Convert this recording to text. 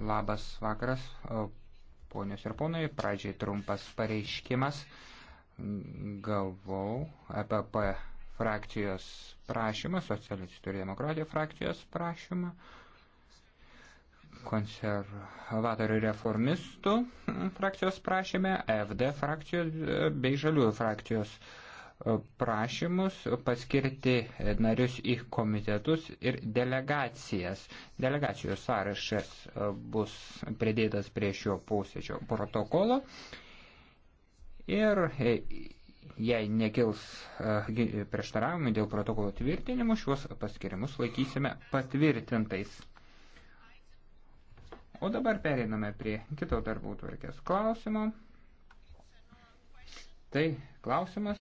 Labas vakaras, ponios ir ponai, pradžiai trumpas pareiškimas. Gavau EPP frakcijos prašymą, socialistų ir demokratijų frakcijos prašymą, konservatorių reformistų frakcijos prašymę, FD frakcijos bei žaliųjų frakcijos prašymą prašymus paskirti narius į komitetus ir delegacijas. Delegacijų sąrašas e, bus pridėtas prie šio posėdžio protokolo. Ir e, jei nekils e, prieštaravimai dėl protokolo tvirtinimo, šiuos paskirimus laikysime patvirtintais. O dabar pereiname prie kito darbų tvarkės klausimo. Tai klausimas.